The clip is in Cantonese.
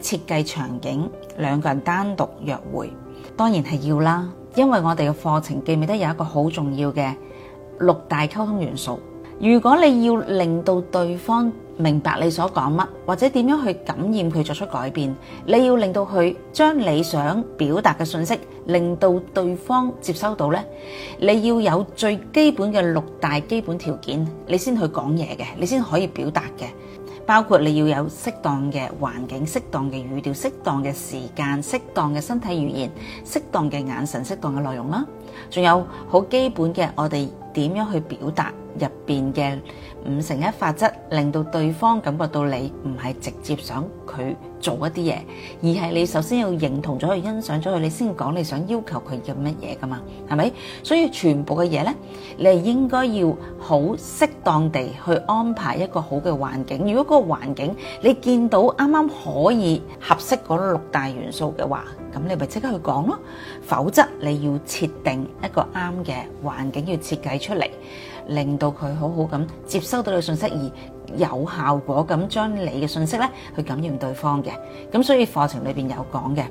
設計場景，兩個人單獨約會，當然係要啦。因為我哋嘅課程記唔記得有一個好重要嘅六大溝通元素？如果你要令到對方明白你所講乜，或者點樣去感染佢作出改變，你要令到佢將你想表達嘅信息，令到對方接收到呢。你要有最基本嘅六大基本條件，你先去講嘢嘅，你先可以表達嘅。包括你要有適當的環境、適當的語調、適當的時間、適當的身體語言、適當的眼神、適當的內容啦。仲有好基本的我哋點樣去表達入邊的五成一法則，令到對方感覺到你唔係直接想佢。做一啲嘢，而係你首先要認同咗去欣賞咗佢，你先講你想要求佢嘅乜嘢噶嘛，係咪？所以全部嘅嘢咧，你係應該要好適當地去安排一個好嘅環境。如果嗰個環境你見到啱啱可以合適嗰六大元素嘅話，咁你咪即刻去講咯。否則你要設定一個啱嘅環境，要設計出嚟，令到佢好好咁接收到你信息而。有效果咁將你嘅信息咧去感染對方嘅，咁所以課程裏邊有講嘅。